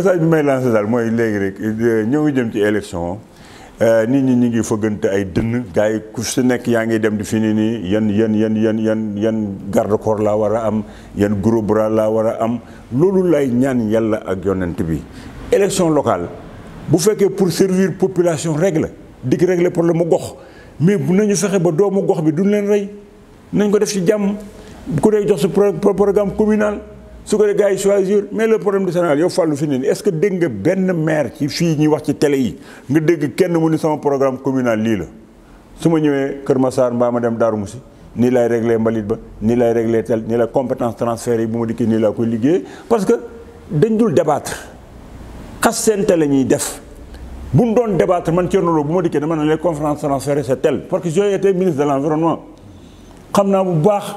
message bi may lancé dal mooy léegi rek ñoo jëm ci élection euh, nit ñi ñu ngi fëggante ay dënn gaay ku si nekk yaa ngi dem di fi ni nii yan yan yan yan yan yan garde corps laa war a am yan groupe bras laa war a am loolu lay ñaan yàlla ak yonent bi élection locale bu fekkee pour servir population rek la digg régler problème mu gox mais bu nañu fexe ba doomu gox bi duñ leen rey nañ ko def ci jàmm ku dee jox sa programme communal su les gars choisir mais le problème du Sénégal yow faut le finir. est-ce que dégg nga mère maire ci fii ñuy wax ci télé yi nga dégg kenn mu ni sama programme communal lii la su ma ñëwee Kër Massar mbaa ma dem Darou Ni la lay réglé mbalit ba nii lay réglé tel ni la compétence transfert yi la ma parce que dañ dul débattre Qu'est-ce télé ñuy def. bu on débattre man Thierno Lo bu ma dikkee les conférences transférées c'est tel parce que j'ai été ministre de l'environnement Comme naa bu baax.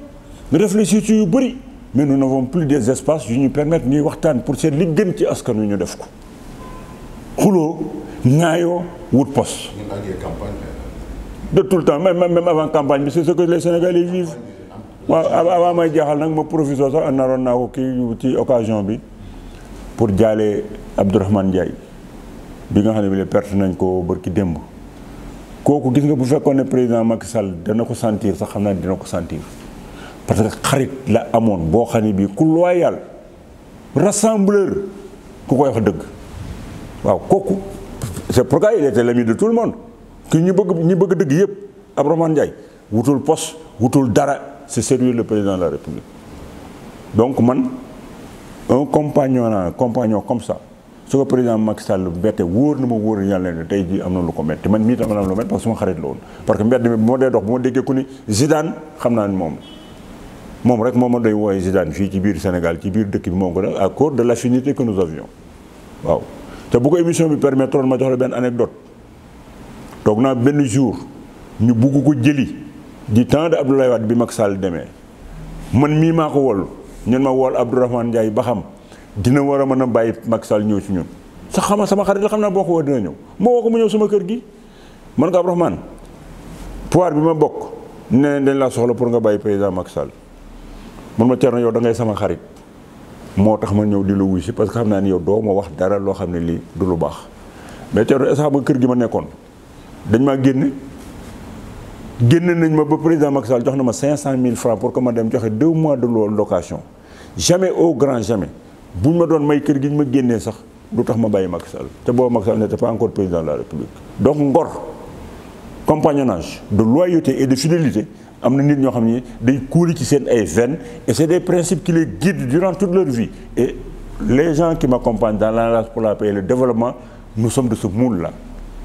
réfléchir ci yu bëri mais nous n'avons plus des espaces yu ñu permettre ni waxtaan pour seet li gën ci askan wi ñu def ko xuloo ŋaayoo wut poste de tout le temps même avant campagne bi c'est ce que les Sénégalais vivent waaw avant ma jeexal nag ma professeur sax naroon naa ko kii ci occasion bi pour jaale Abdourahmane Ndiaye bi nga xam ne bi la perte nañ ko bërki démb kooku gis nga bu fekkoon président Macky Sall dana ko sentir sax xam naa dina ko sentir parce que xarit la amoon boo xam ne loyal rassembleur ku koy wax dëgg waaw koku. c'est pourquoi il était l'ami de tout le monde ki ñu bëgg ñu bëgg dëgg yëpp Abdourahmane Ndiaye wutul poste wutul dara c'est servir le président de la République donc man un compagnon un compagnon comme ça ce président Macky Sall bette wóor na ma wóor na yàlla ne tey le commettre. lu ko metti man mii tam am na lu metti parce que suma xarit la parce que mbedd mi bu dox Zidane xam mom moom rek moom doy woy Zidane fi ci biir Sénégal ci biir dëkk bi moom ko def à cause de l'affinité que nous avions waaw te bu ko émission bi permettre ma jox ben anecdote tok na benn jour ñu bugg ko jëli di temps de Abdoulaye Wade bi Macky Sall démé man mi mako wol wollu ñun ma wol Abdourahmane Ndiaye ba xam dina wara mëna mën a bàyyi Sall ñëw ci ñun sa xama sama xarit la xam naa boo ko dina ñëw moo woo mu ñëw sama kër gi man ko Abdourahmane pouvoir bi ma bok nee dañ la soxla pour nga bàyyi président Macky Sall mën ma Thierno yow da ngay sama xarit moo tax ma ñëw di la wuy si parce que xam naa ni yow doo ma wax dara loo xam ne lii du lu baax mais Thierno est-ce kër gi ma nekkoon dañ maa génne génne nañ ma ba président Macky Sall jox na ma 500000 francs pour que ma dem joxe 2 mois de location jamais au grand jamais buñ ma doon may kër gi ma génnee sax du tax ma bàyyi Macky Sall te boobu Macky Sall n'était pas encore président de la République donc ngor compagnonnage de loyauté et de fidélité amna nit et c'est des principes qui les guident durant toute leur vie et les gens qui m'accompagnent dans l'Alliance pour la paix et le développement nous sommes de ce moule-là